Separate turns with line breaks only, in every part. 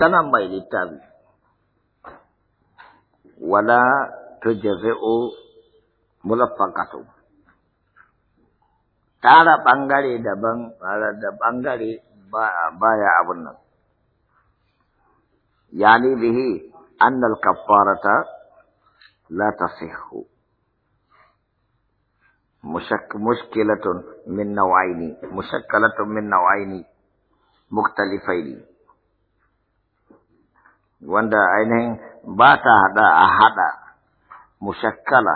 tana mai littafi wala tujzi'u mulaffaqatu tara bangare daban da bangare baya abun nan yani bihi anna al-kaffarata la tasihhu mushkilatun min nawaini mushakkalatun min nawaini muktalifaini wanda ainihin ba ta haɗa a haɗa mushakkala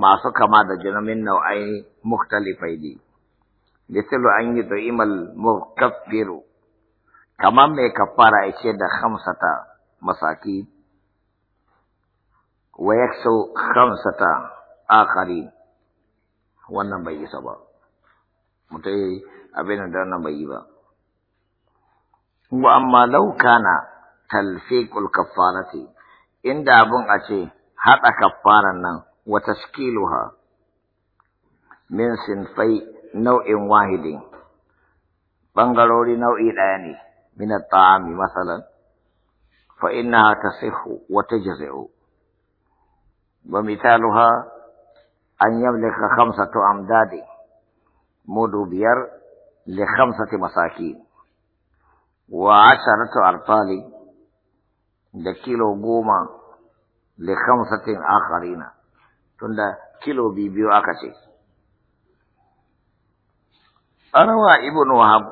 masu kama da jinamin nau'ai muktalifai ne. Misalu an yi imal mukaffiru, kamar mai kafara ya ce da hamsata masaki, wa so hamsata akari, wannan bai isa ba, mutai abin da wannan bai yi ba. وأما لو كان تلفيق الكفارة ان أبن أتي هاتا كفارة وتشكيلها من صنفي نوع واحد بنغلوري نوع الآن من الطعام مثلا فإنها تصح وتجزئ ومثالها أن يملك خمسة أمداد مدوبير لخمسة مساكين wa asharatu arfali da kilo goma li khamsatin akharina tunda kilo biyu aka ce arawa ibn wahab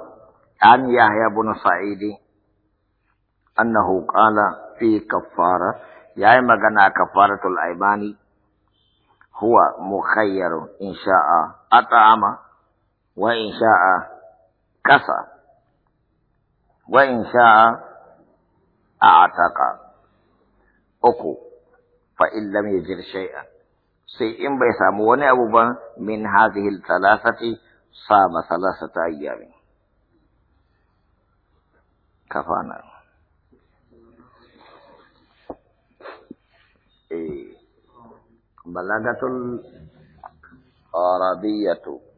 an yahya ibn sa'idi annahu qala fi kaffara yayi magana kafaratul aibani huwa mukhayyarun insha'a ata'ama wa insha'a kasa وإن شاء أعتقى أكو فإن لم يجر شيئا سيئن بيسامون أبو بن من هذه الثلاثة صام ثلاثة أيام كفانا إيه. بلاغة العربية